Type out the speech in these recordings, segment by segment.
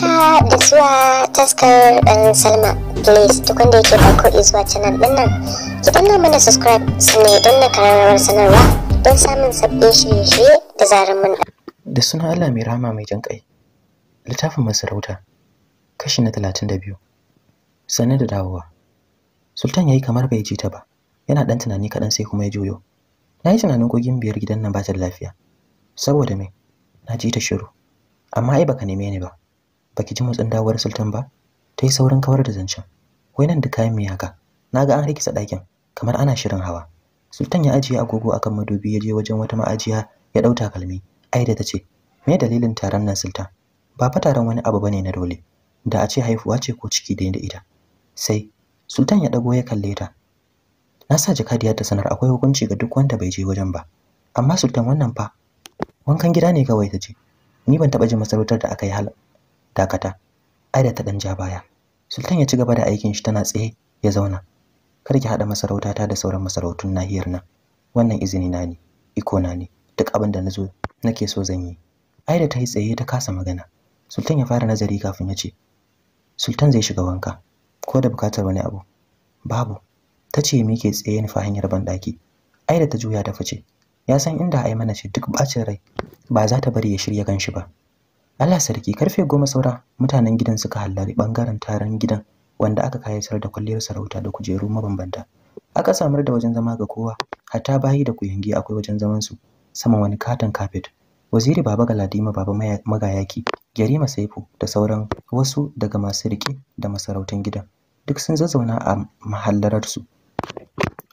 haka ah, da zuwa taskar ɗan um, salma please duk wanda yake farko izuwa canal ɗin nan ki danna mana subscribe sannan don na kararrawar sanarwa don samun sabbin shirye-shirye da zarar mun da suna allah mai rama mai jan kai littafin masarauta kashi na talatin da biyu sannan da dawowa sultan yayi kamar bai ji ta ba yana ɗan tunani kaɗan sai kuma ya juyo na yi tunanin kogin biyar gidan nan ba ta da lafiya saboda me na ji ta shiru amma ai baka neme ni ba baki ji motsin dawowar sultan ba ta yi saurin kawar da zancen wai nan da kayan miyaka na ga an rikisa ɗakin kamar ana shirin hawa sultan ya ajiye agogo akan madubi ya je wajen wata ma'ajiya ya ɗau takalmi aida ta ce me dalilin taron nan sultan ba fa taron wani abu bane na dole da a ce haifuwa ce ko ciki da ita sai sultan ya ɗago ya kalle ta na sa jakadiyar ta sanar akwai hukunci ga duk wanda bai je wajen ba amma sultan wannan fa wankan gida ne kawai ta ce ni ban taɓa jin masarautar da aka yi dakata ai da ta dan ja baya sultan ya ci gaba da aikin shi tana tsaye ya zauna kar ki hada ta da sauran masarautun nahiyar nan wannan izini na ne iko na ne duk abin da nazo nake so zan yi ai da ta yi tsaye ta kasa magana sultan ya fara nazari kafin ya ce sultan zai shiga wanka ko da bukatar wani abu babu ta ce me ke tsaye nufa hanyar banɗaki ai da ta juya ta fice ya san inda ai mana ce duk bacin rai ba za ta bari ya shirya shi ba Allah sarki karfe goma saura mutanen gidan suka hallari bangaren taron gidan wanda aka kayatar da kwalliyar sarauta da kujeru mabambanta. Aka samar da wajen zama ga kowa, hatta bayi da kuyangi akwai wajen zaman su, saman wani katon kafet. Waziri Baba Galadima Baba Magayaki, Yarima Saifu da sauran wasu daga masu rike da masarautan gidan. Duk sun zazzauna a mahallarar su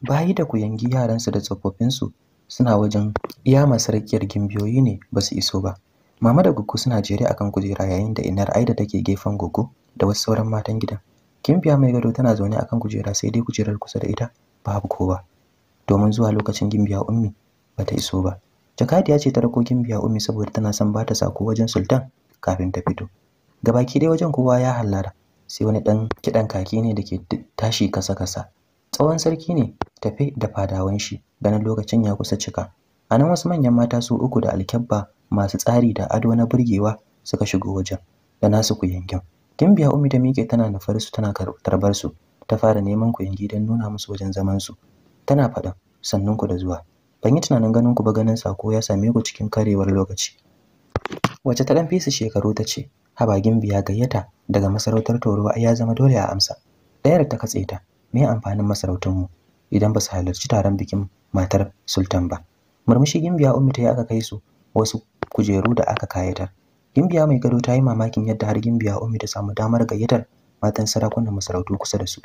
Bayi da kuyangi yaransu da tsofaffinsu suna wajen iya masarkiyar gimbiyoyi ne basu iso ba. Mama da Goggo suna jere akan kujera yayin da Inar Aida take gefen Goggo da wasu sauran matan gidan. Kimbiya mai gado tana zaune akan kujera sai dai kujerar kusa da ita babu kowa. Domin zuwa lokacin Gimbiya Ummi bata iso ba. Jakadiya ce ta rako Gimbiya Ummi saboda tana son bata sako wajen Sultan kafin ta fito. Gabaki dai wajen kowa ya hallara sai wani ɗan kiɗan kaki ne da ke tashi kasa kasa. Tsawon sarki ne tafe da fadawan shi ganin lokacin ya kusa cika. A nan wasu manyan mata su uku da alkyabba masu tsari da ado na burgewa suka shigo wajen da nasu kuyangin gimbiya umi da mike tana nufar su tana tarbar su ta fara neman kuyangi don nuna musu wajen zaman su tana faɗa sannan ku da zuwa ban yi tunanin ganin ku ba ganin sako ya same ku cikin karewar lokaci wace ta ɗan fisa shekaru ta ce haba gimbiya gayyata daga masarautar toro ya zama dole a amsa ɗayar ta katse ta me amfanin mu idan ba su halarci taron bikin matar sultan ba murmushi gimbiya ummi ta yi aka kai su wasu kujeru da aka kayatar gimbiya mai gado ta yi mamakin yadda har gimbiya umi ta samu damar gayyatar matan sarakunan masarautu kusa da su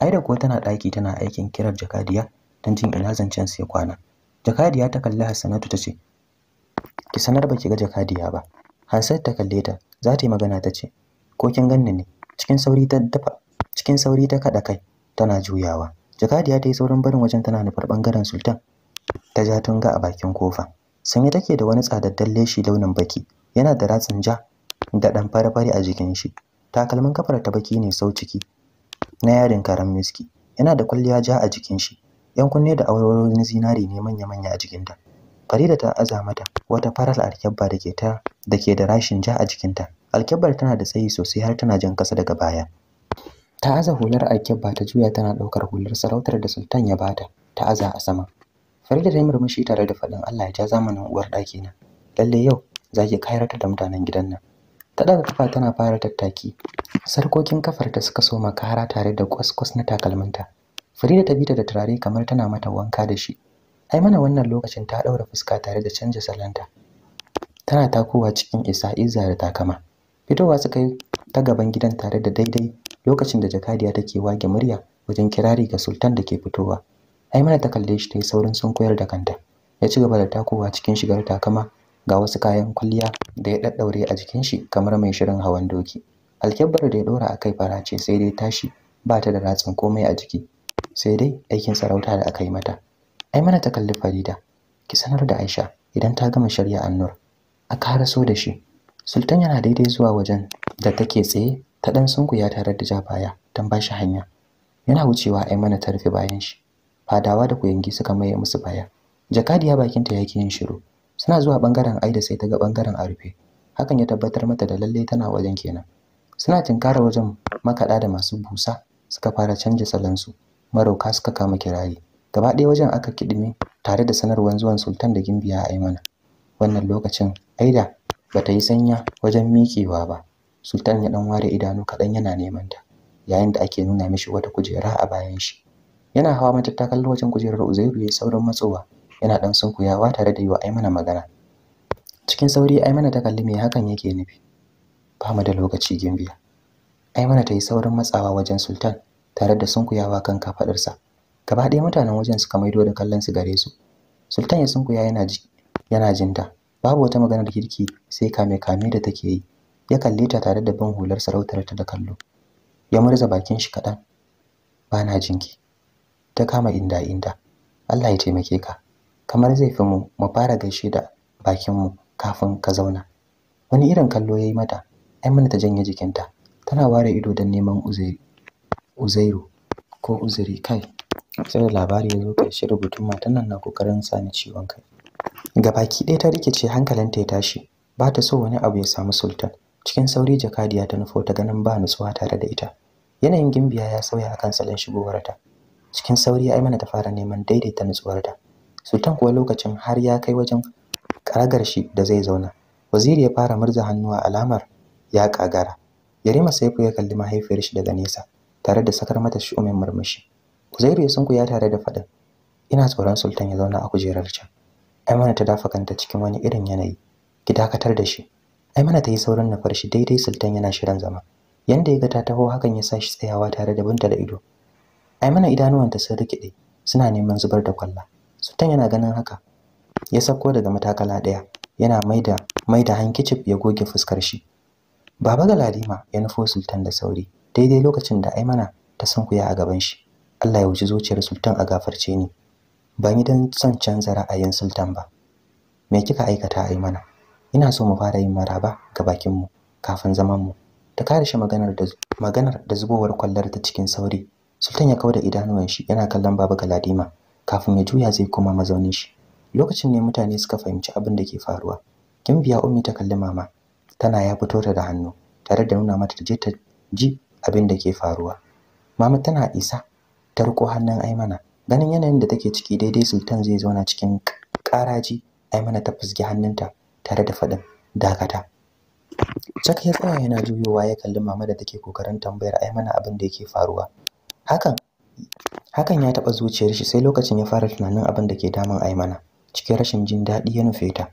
aida kuwa tana ɗaki tana aikin kirar jakadiya don jin ina zancen sai kwana jakadiya ta kalli hassanatu ta ce ki sanar ba ki ga jakadiya ba hassan ta kalle ta za ta yi magana ta ce ko kin ganni ne cikin sauri ta dafa cikin sauri ta kaɗa kai tana juyawa jakadiya ta yi saurin barin wajen tana nufar ɓangaren sultan ta ja tunga a bakin kofa sanye take da wani tsadaddan leshi launin baki yana da ratsin ja da ɗan fare-fare a jikin shi takalmin kafar ta baki ne sau ciki na yarin karam miski yana da kwalliya ja a jikin shi yan kunne da na zinari ne manya-manya a jikinta farida ta aza mata wata farar alkebba da ke ta da da rashin ja a jikinta alkyabbar tana da tsayi sosai har tana jan kasa daga baya ta aza hular alkebba ta juya tana ɗaukar hular sarautar da sultan ya bata ta aza a sama Farida ta yi murmushi tare da faɗin Allah ya ja zamanin uwar ɗaki na. Lalle yau za ki kayarta da mutanen gidan nan. Ta daga kafa tana fara tattaki. Sarkokin ta suka soma kara tare da kwaskwas na takalminta. Farida ta bi ta da turare kamar tana mata wanka da shi. Ai mana wannan lokacin ta ɗaura fuska tare da canja salanta. Tana takowa cikin isa izza da takama. Fitowa suka yi ta gaban gidan tare da daidai lokacin da jakadiya take wage murya wajen kirari ga sultan da ke fitowa. Aimana ta kalle shi ta yi saurin sunkuyar da kanta. Ya ci gaba da takowa cikin shigar takama ga wasu kayan kwalliya da ya daddaure a jikin shi kamar mai shirin hawan doki. Alkebbar da ya dora a kai fara ce sai dai tashi ba ta da ratsin komai a jiki. Sai dai aikin sarauta da aka yi mata. Aimana ta kalli Farida. Ki sanar da Aisha idan ta gama shari'a Annur. A karaso da shi. Sultan yana daidai zuwa wajen da take tsaye ta dan sunkuya tare da jafaya don ba shi hanya. Yana wucewa Aimana ta rufe bayan shi. fadawa da kuyangi suka maye musu baya jakadiya bakinta yake yin shiru suna zuwa bangaren aida sai ta ga bangaren arfe. hakan ya tabbatar mata da lalle tana wajen kenan suna tinkara wajen makaɗa da masu busa suka fara canja salansu marauka suka kama kirayi gaba ɗaya wajen aka kidime tare da sanarwar zuwan sultan da gimbiya a mana wannan lokacin aida bata yi sanya wajen miƙewa ba sultan ya ɗan ware idanu kaɗan yana neman ta yayin da ake nuna mishi wata kujera a bayan shi yana hawa matattakalla wajen kujerar uzairu ya yi saurin matsowa yana dan sunkuyawa tare da yi wa aimana magana cikin sauri aimana ta kalli me hakan yake nufi ba da lokaci gimbiya aimana ta yi saurin matsawa wajen sultan tare da sunkuyawa kan kafadarsa gaba ɗaya mutanen wajen suka maido da kallon su gare su sultan ya sunkuya yana ji yana jinta babu wata maganar kirki sai kame kame da take yi ya kalle ta tare da bin hular sarautar ta da kallo ya murza bakin shi kaɗan ba na jinki ta kama inda inda Allah ya taimake ka kamar zai fi mu mu fara gaishe da bakin mu kafin ka zauna wani irin kallo yayi mata ai mun ta janye jikinta tana ware ido don neman uzuri uzairu ko uzuri kai sai labari ya zo karshe rubutun matan nan na kokarin sani ciwon kai Ga baki ɗaya ta rikice hankalinta ya tashi ba ta so wani abu ya samu sultan cikin sauri jakadiya ta nufo ta ganin ba nutsuwa tare da ita yanayin gimbiya ya sauya akan salon shigowarta cikin sauri Aimana ta fara neman daidaita nutsuwarta sultan kuwa lokacin har ya kai wajen karagar shi da zai zauna waziri ya fara murza hannuwa alamar ya kagara yarima saifu ya kalli mahaifiyar shi daga nesa tare da sakar mata umin murmushi uzairu ya ya tare da faɗin ina tsoron sultan ya zauna a kujerar can aimana ta dafa kanta cikin wani irin yanayi ki dakatar da shi aimana ta yi saurin na shi daidai sultan yana shirin zama yanda ya ga ta taho hakan ya sa shi tsayawa tare da bunta da ido ai mana idanuwanta sun rikide suna neman zubar da kwalla sultan yana ganin haka ya sako daga matakala daya yana maida maida hankicif ya goge fuskar shi baba galadima ya nufo sultan da sauri daidai lokacin da aimana ta sunkuya a gaban shi Allah ya wuce zuciyar sultan a gafarce ni ban yi don son canza ra'ayin sultan ba me kika aikata mana? ina so mu fara yin maraba ga bakin mu kafin zaman mu ta shi maganar da maganar da zubowar kwallar ta cikin sauri sultan ya kauda idanuwan shi yana kallon baba galadima kafin ya juya zai koma mazaunin shi lokacin ne mutane suka fahimci abin da ke faruwa gimbiya ummi ta kalli mama tana ya fito ta da hannu tare da nuna mata je ta ji abin da ke faruwa mama tana isa ta riko hannun aimana ganin yanayin da take ciki daidai sultan zai zauna cikin karaji aimana ta fusgi hannunta tare da faɗin dakata Chaka ya tsaya yana juyowa ya kalli mama da take kokarin tambayar Aimana abin da yake faruwa. hakan hakan ya taɓa zuciyar shi sai lokacin ya fara tunanin abin da ke damun aimana cikin rashin jin daɗi ya nufe ta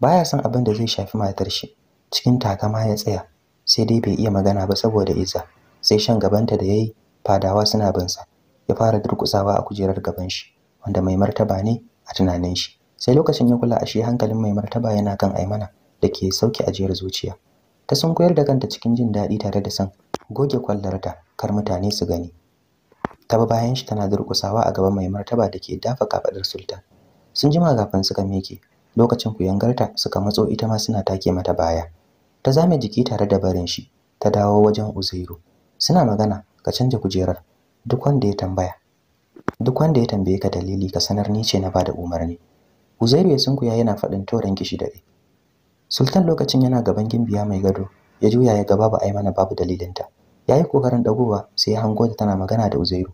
baya son abin da zai shafi matar shi cikin takama ya tsaya sai dai bai iya magana ba saboda iza sai shan gabanta da yayi fadawa suna binsa ya fara durkusawa a kujerar gaban shi wanda mai martaba ne a tunanin shi sai lokacin ya kula a shi hankalin mai martaba yana kan aimana da ke sauke ajiyar zuciya ta sun koyar da kanta cikin jin daɗi tare da san, goge kwallarta kar mutane su gani ta bi bayan shi tana durƙusawa a gaban mai martaba da ke dafa kafadar sultan sun jima gafin suka meke lokacin kuyangarta suka matso ita ma suna take mata baya ta zame jiki tare da barin shi ta dawo wajen uzairu suna magana ka canja kujerar duk wanda ya tambaya duk wanda ya tambaye ka dalili ka sanar ni ce na bada umarni uzairu ya sunkuya yana faɗin toren kishi dare sultan lokacin yana gaban gimbiya mai gado ya juya ya ga babu ai mana babu dalilinta yi kokarin dagowa sai ya hango tana magana da uzairu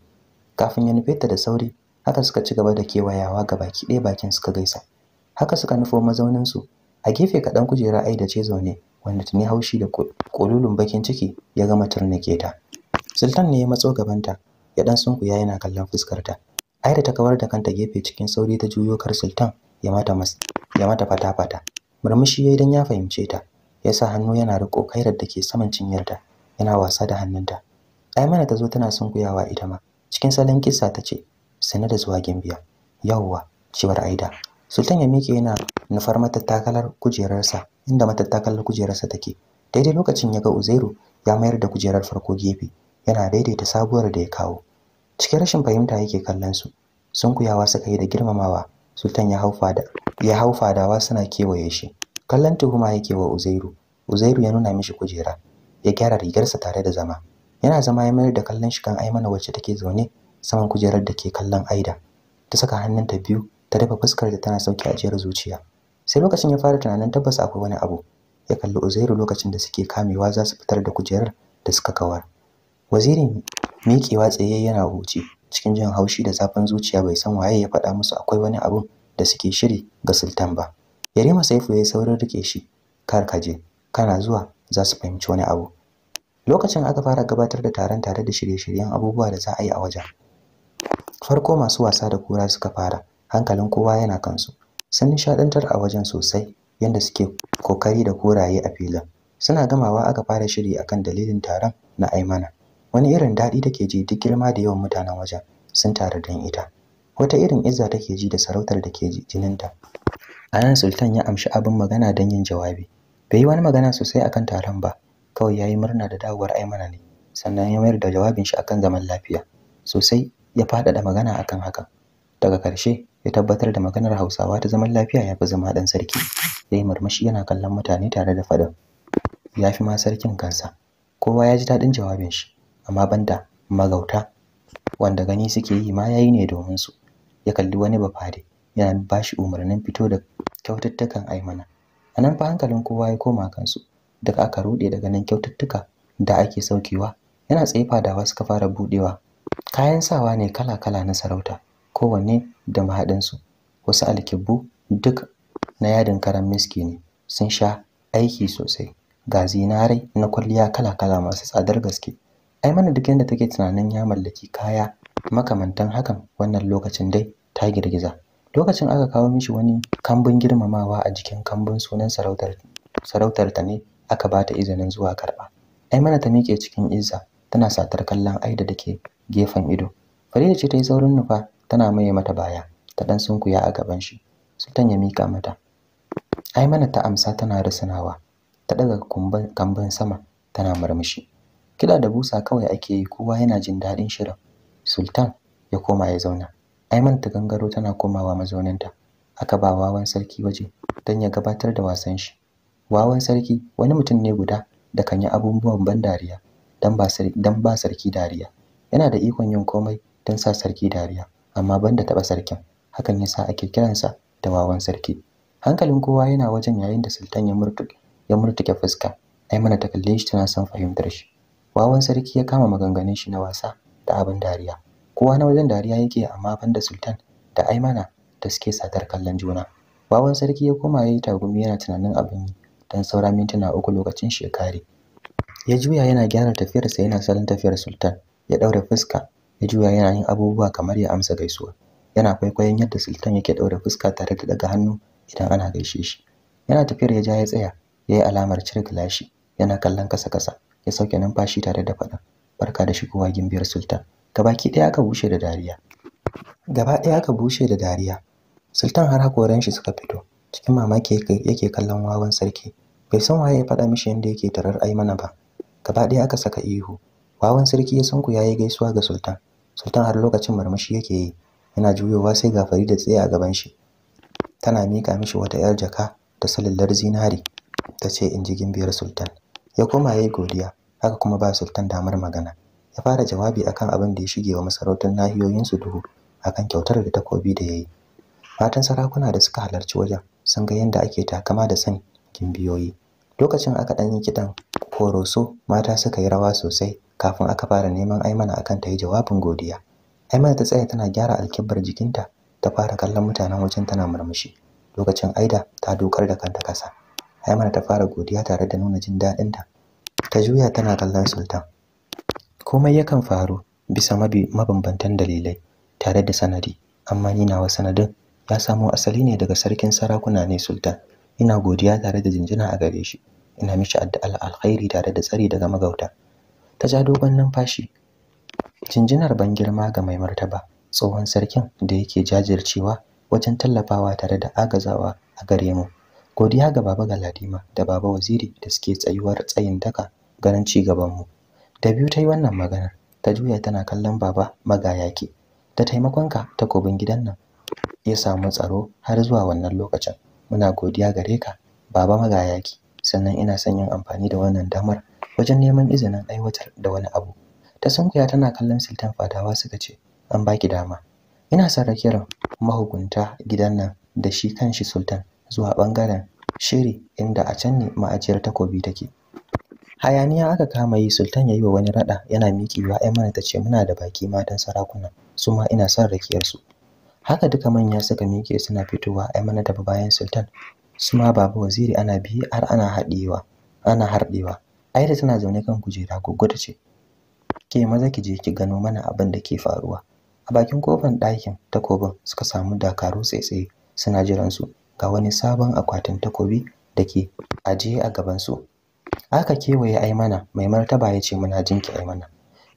kafin ya nufe ta da sauri haka suka ci gaba da kewayawa ga baki ɗaya bakin suka gaisa haka suka nufo mazauninsu a gefe kaɗan kujera ai da ce zaune wanda tuni haushi da kolulun bakin ciki ya gama turnike ta sultan ne ya matso gabanta ya ɗan sunkuya yana kallon fuskarta ai da ta kawar da kanta gefe cikin sauri ta juyo kar sultan ya mata mas ya mata fata fata murmushi yayi dan ya fahimce ta ya sa hannu yana riko kairar da ke saman cinyarta yana wasa da hannunta ai mana ta zo tana sunkuyawa ita ma cikin salon kisa ta ce sane da zuwa gimbiya yawwa cewar aida sultan ya miƙe yana nufar matattakalar kujerarsa inda matattakalar kujerarsa take daidai lokacin ya ga uzairu ya mayar da kujerar farko gefe yana daidaita sabuwar da ya kawo cikin rashin fahimta yake kallon su sun kuyawa suka yi da girmamawa sultan ya haufa da ya hau fadawa suna kewaye shi kallon tuhuma yake wa uzairu uzairu ya nuna mishi kujera ya gyara rigarsa tare da zama yana zama ya mayar da kallon shi kan Aimana wacce take zaune saman kujerar da ke kallon Aida ta saka hannunta biyu ta dafa fuskar da tana sauke ajiyar zuciya sai lokacin ya fara tunanin tabbas akwai wani abu ya kalli Uzairu lokacin da suke kamewa za su fitar da kujerar da suka kawar wazirin miƙewa tsaye yana huce cikin jin haushi da zafin zuciya bai san waye ya faɗa musu akwai wani abu da suke shiri ga sultan ba yarima saifu ya saurin rike shi kar ka je kana zuwa za su fahimci wani abu lokacin aka fara gabatar da taron tare da shirye-shiryen abubuwa da za a yi a wajen farko masu wasa da kura suka fara hankalin kowa yana kansu sun nishadantar a wajen sosai yadda suke kokari da koraye a filin suna gamawa aka fara shiri akan dalilin taron na aimana wani irin daɗi take ji duk girma da yawan mutanen wajen sun tare don ita wata irin izza take ji da sarautar da ke jininta a nan sultan ya amshi abin magana don yin jawabi bai yi wani magana sosai akan taron ba kawai ya yi murna da dawowar aimana ne sannan ya mayar da jawabin shi akan zaman lafiya sosai ya faɗaɗa magana akan hakan daga ƙarshe ya tabbatar da maganar hausawa ta zaman lafiya ya fi zama ɗan sarki ya yi murmushi yana kallon mutane tare da faɗin ya fi ma sarkin kansa kowa ya ji daɗin jawabin shi amma banda magauta wanda gani suke yi ma ya yi ne domin su ya kalli wani bafade yana ba shi umarnin fito da kyaututtukan aimana a nan fa hankalin kowa ya koma kansu duk aka rude daga nan kyaututtuka da ake saukewa yana tsaye fadawa suka fara budewa kayan sawa ne kala-kala na sarauta kowanne da mahaɗinsu wasu alkibbu duk na yadin karan miski ne sun sha aiki sosai ga zinarai na kwalliya kala-kala masu tsadar gaske ai mana duk yadda take tunanin ya mallaki kaya makamantan hakan wannan lokacin dai ta girgiza lokacin aka kawo mishi wani kambun girmamawa a jikin kambun sunan sarautar sarautar ta ne aka ba ta izinin zuwa karɓa ai mana ta miƙe cikin izza tana satar kallon aida da ke gefen ido farida ce ta yi saurin nufa tana maye mata baya ta ɗan sunkuya a gaban shi sultan ya mika mata ai mana ta amsa tana rasunawa, ta ɗaga kamban sama tana murmushi kiɗa da busa kawai ake yi kowa yana jin daɗin shirin sultan ya koma ya zauna aiman ta gangaro tana komawa mazauninta aka ba wawan sarki waje don ya gabatar da wasan shi wawan sarki wani mutum ne guda da kan yi abubuwan ban dariya don ba sarki dariya yana da ikon yin komai don sa sarki dariya amma banda taba sarkin hakan ya sa ake kiransa da wawan sarki hankalin kowa yana wajen yayin da sultan ya murtuke ya murtuke fuska ai mana ta shi tana son fahimtar shi wawan sarki ya kama maganganun shi na wasa da abin dariya kowa na wajen dariya yake amma banda sultan da aimana da suke satar kallon juna wawan sarki ya koma yayi tagumi yana tunanin abin yi. dan saura mintuna uku lokacin shi ya juya yana gyara tafiyarsa yana salon tafiyar sultan ya daure fuska ya juya yana yin abubuwa kamar ya amsa gaisuwa yana kwaikwayon yadda sultan yake daure fuska tare da daga hannu idan ana gaishe shi yana tafiyar ya ja ya tsaya ya yi alamar cire gilashi yana kallon kasa kasa ya sauke numfashi tare da faɗa barka da shigowa gimbiyar sultan gabaki ɗaya aka bushe da dariya gaba ɗaya aka bushe da dariya sultan har hakoran shi suka fito cikin mamaki yake kallon wawan sarki bai san waye ya faɗa mishi yadda yake tarar aimana ba gaba ɗaya aka saka ihu wawan sarki ya ya yi gaisuwa ga sultan sultan har lokacin marmashi yake yi yana juyowa sai ga farida tsaye a gaban shi tana mika mishi wata yar jaka da salillar zinari ta ce in ji gimbiyar sultan ya koma yayi godiya haka kuma ba sultan damar magana ya fara jawabi akan abin da ya shige wa masarautar nahiyoyinsu duhu akan kyautar da takobi da yayi Matan sarakuna da suka halarci wajen sun ga yadda ake takama da son gimbiyoyi lokacin aka ɗan yi kiɗan koroso mata suka yi rawa sosai kafin aka fara neman aimana akan ta yi jawabin godiya aimana ta tsaya tana gyara alkibbar jikinta ta fara kallon mutanen wajen tana murmushi lokacin aida ta dokar da kanta kasa aimana ta fara godiya tare da nuna jin daɗinta ta juya tana kallon sultan komai yakan faru bisa mabambantan dalilai tare da sanadi amma ni nawa sanadin ya samo asali ne daga sarkin sarakuna ne sultan ina godiya tare da jinjina a gare shi ina mishi addu'ar alkhairi tare da tsari daga magauta ta ja dogon numfashi jinjinar ban girma ga mai martaba tsohon sarkin da yake jajircewa wajen tallafawa tare da agazawa a gare mu godiya ga baba galadima da baba waziri da suke tsayuwar tsayin daka ganin ci gaban mu da biyu ta yi wannan maganar ta juya tana kallon baba magayaki da taimakonka ta takobin gidan nan ya samu tsaro har zuwa wannan lokacin muna godiya gare ka baba magayaki sannan ina son yin amfani da wannan damar wajen neman izinin aiwatar da wani abu ta sunkuya tana kallon sultan fadawa suka ce an baki dama ina son rakiyar mahukunta gidan nan da shi kanshi sultan zuwa bangaren shiri inda a can ne ma'ajiyar takobi take hayaniya aka kama yi sultan ya yi wa wani rada yana miƙewa ai mana ta muna da baki matan sarakuna su ma ina son rakiyarsu haka duka manya suka miƙe suna fitowa ai mana da bayan sultan su ma baba waziri ana biye har ana haɗewa ana harɗewa ai da tana zaune kan kujera da ce ke maza ki je ki gano mana abin da ke faruwa a bakin kofan ɗakin takobin suka samu dakaru tsaitsaye suna jiran su ga wani sabon akwatin takobi da ke ajiye a gabansu. su aka kewaye aimana mai martaba ya ce muna jinki aimana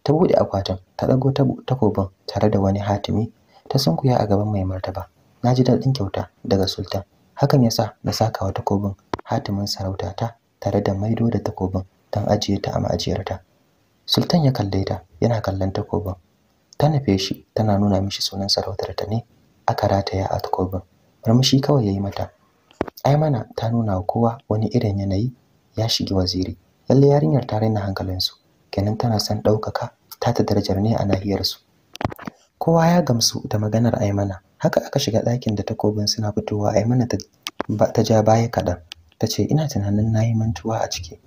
ta buɗe akwatin ta ɗago takobin tare da wani hatimi ta sunkuya a gaban mai martaba na ji daɗin kyauta daga sultan hakan ya sa na saka wa takobin hatimin sarauta ta tare da maido da takobin don ajiye ta a ma'ajiyarta sultan ya kalle ta yana kallon takobin ta nufe shi tana nuna mishi sunan sarautar ta ne aka rataya a takobin murmushi kawai ya yi mata ai mana ta nuna wa kowa wani irin yanayi ya shige waziri lalle yarinyar ta raina hankalinsu kenan tana son ɗaukaka ta ta darajar ne a nahiyarsu kowa ya gamsu da maganar Aimana haka aka shiga ɗakin da takobin suna fitowa Aimana ta ja baya kaɗan ta ce ina tunanin na yi mantuwa a ciki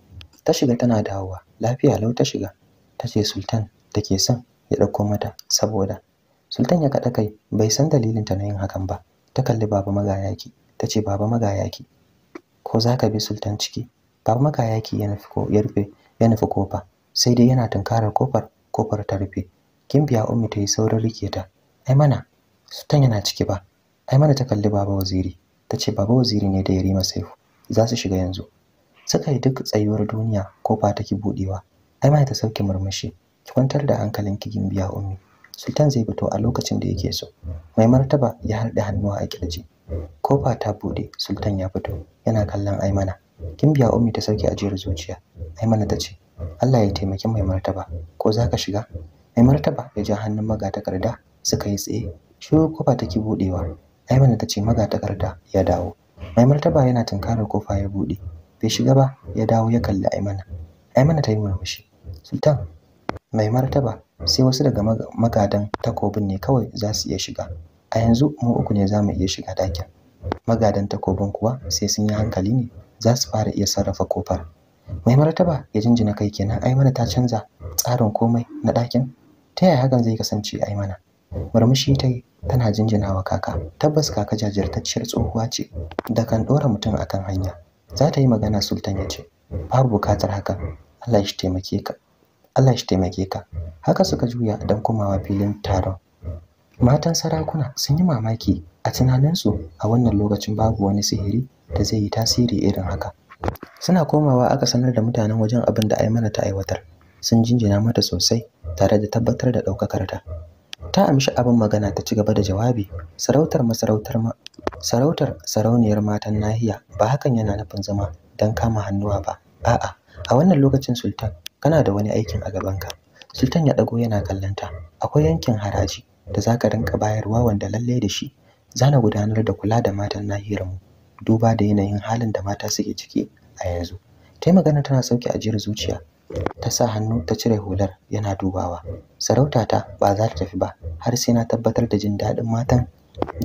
ta shiga tana dawowa lafiya lau ta shiga ta ce sultan da ke son ya ɗauko mata saboda sultan ya kaɗa kai bai san dalilinta na yin hakan ba ta kalli baba magayaki ta ce baba magayaki ko za ka bi sultan ciki baba magayaki ya nufi kofa sai dai yana tunkarar kofar kofar ta rufe gimbiya ummi ta yi saurin rike ta ai mana sutan yana ciki ba ai mana ta kalli baba waziri ta ce baba waziri ne da ya yarima saifu za su shiga yanzu suka yi duk tsayuwar duniya ko ba ta ki buɗewa, ai mana ta sauke murmushi ki kwantar da hankalin kin gimbiya ummi sultan zai fito a lokacin da yake so mai martaba ya harɗe hannu a kirji ba ta buɗe sultan ya fito yana kallon aimana gimbiya ummi ta sauke ajiyar zuciya aimana ta ce Allah ya taimaki mai martaba ko za ka shiga ai martaba ya ja hannun magatakarda suka yi tsaye shi kofa take budewa aimana ta ce magatakarda ya dawo mai martaba yana tunkarar kofa ya bude bai shiga ba ya dawo ya kalli aimana aimana ta yi murmushi sultan mai martaba sai wasu daga magadan takobin ne kawai za su iya shiga a yanzu mu uku ne za mu iya shiga dakin magadan takobin kuwa sai sun yi hankali ne za su fara iya sarrafa kofar mai martaba ya jinjina kai kenan aimana ta canza tsarin komai na dakin ta yaya hakan zai kasance ai mana murmushi ta yi tana jinjinawa kaka tabbas kaka jajirtacciyar tsohuwa ce da kan ɗora mutum akan hanya za ta yi magana sultan ya ce babu bukatar hakan allah shi taimake ka allah shi taimake ka haka suka juya don kumawa filin taron matan sarakuna sun yi mamaki a tunaninsu a wannan lokacin babu wani sihiri da zai yi tasiri irin haka suna komawa aka sanar da mutanen wajen abin da mana ta aiwatar sun jinjina mata sosai tare da tabbatar da ɗaukakarta ta ta amshi abin magana ta ci gaba da jawabi sarautar masarautar ma sarautar sarauniyar matan nahiya ba hakan yana nufin zama don kama hannuwa ba a'a a wannan lokacin sultan kana da wani aikin a gabanka sultan ya dago yana kallanta akwai yankin haraji da zaka rinka bayarwa wanda lalle da shi zana gudanar da kula da matan nahiyar mu duba da yanayin halin da mata suke ciki a yanzu tai magana tana sauke ajiyar zuciya ta sa hannu ta cire hular yana dubawa sarautata ba za ta tafi ba har sai na tabbatar da jin daɗin matan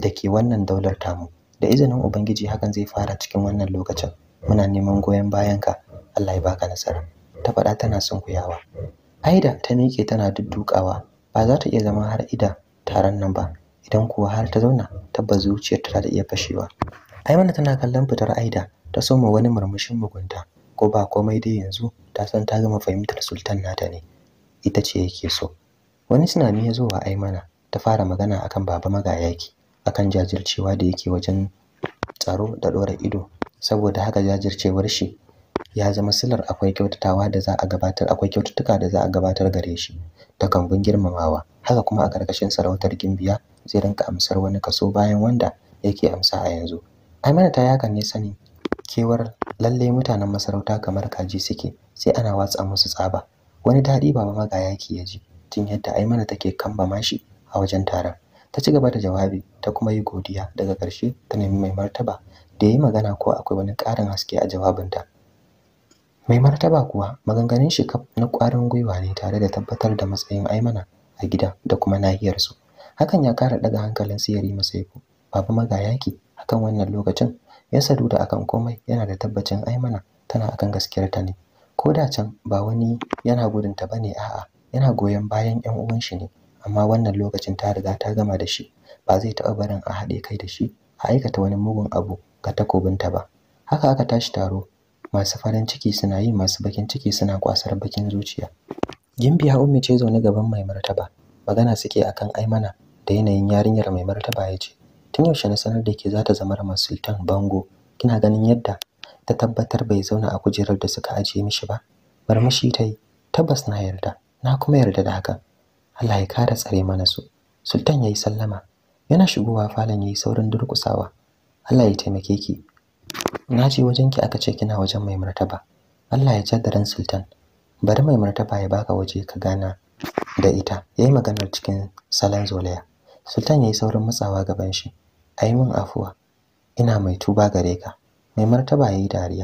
da ke wannan daular tamu da izinin ubangiji hakan zai fara cikin wannan lokacin muna neman goyon bayanka Allah ya baka nasara ta faɗa tana sunkuyawa Aida ta miƙe tana duddukawa ba za ta iya zama har ida taron nan ba idan kuwa har ta zauna tabbas zuciyarta ta iya fashewa Aimana tana kallon fitar Aida ta soma wani murmushin mugunta ko ba komai dai yanzu ta san ta gama fahimtar sultan nata ne ita ce yake so wani tunani ya zo wa aimana ta fara magana akan baba magayaki akan jajircewa da yake wajen tsaro da ɗora ido saboda haka jajircewar shi ya zama silar akwai kyautatawa da za a gabatar akwai kyaututtuka da za a gabatar gare shi ta kambun girmamawa haka kuma a ƙarƙashin sarautar gimbiya zai rinka amsar wani kaso bayan wanda yake amsa a yanzu Amina ta hakan ne sanin kewar Lallai mutanen masarauta kamar kaji suke sai ana watsa musu tsaba wani daɗi baba magayaki ya yaji tun yadda aimana take kamba mashi a wajen taron ta ci gaba da jawabi ta kuma yi godiya daga ƙarshe ta nemi mai martaba da ya yi magana ko akwai wani ƙarin haske a jawabinta mai martaba kuwa maganganun shi na ƙwarin gwiwa ne tare da tabbatar da matsayin aimana a gida da kuma nahiyarsu hakan ya ƙara ɗaga hankalin siyari masaiku baba magayaki akan wannan lokacin ya da akan komai yana da tabbacin aimana tana akan gaskiyar ta ne ko da can ba wani yana gudunta ba ne? a'a yana goyon bayan 'yan uwan shi ne amma wannan lokacin ta riga ta gama da shi ba zai taɓa barin a haɗe kai da shi a aikata wani mugun abu ga takobinta ba haka aka tashi taro masu farin ciki suna yi masu bakin ciki suna kwasar bakin zuciya gimbiya ummi ce zaune gaban mai martaba magana suke akan aimana da yanayin yarinyar mai martaba ya ce tun yaushe na sanar da ke za ta zama ramar sultan bango kina ganin yadda ta tabbatar bai zauna a kujerar da suka ajiye mishi ba marmashi ta yi tabbas na yarda na kuma yarda da hakan Allah ya kara tsare mana su sultan ya yi sallama yana shigowa falon ya yi saurin durkusawa Allah ya taimake ki na je ki aka ce kina wajen mai martaba Allah ya jaddaran sultan bari mai martaba ya baka waje ka gana da ita Ya yi maganar cikin salon zolaya sultan ya yi saurin matsawa gaban shi ai min afuwa ina mai tuba gare ka mai martaba yayi dariya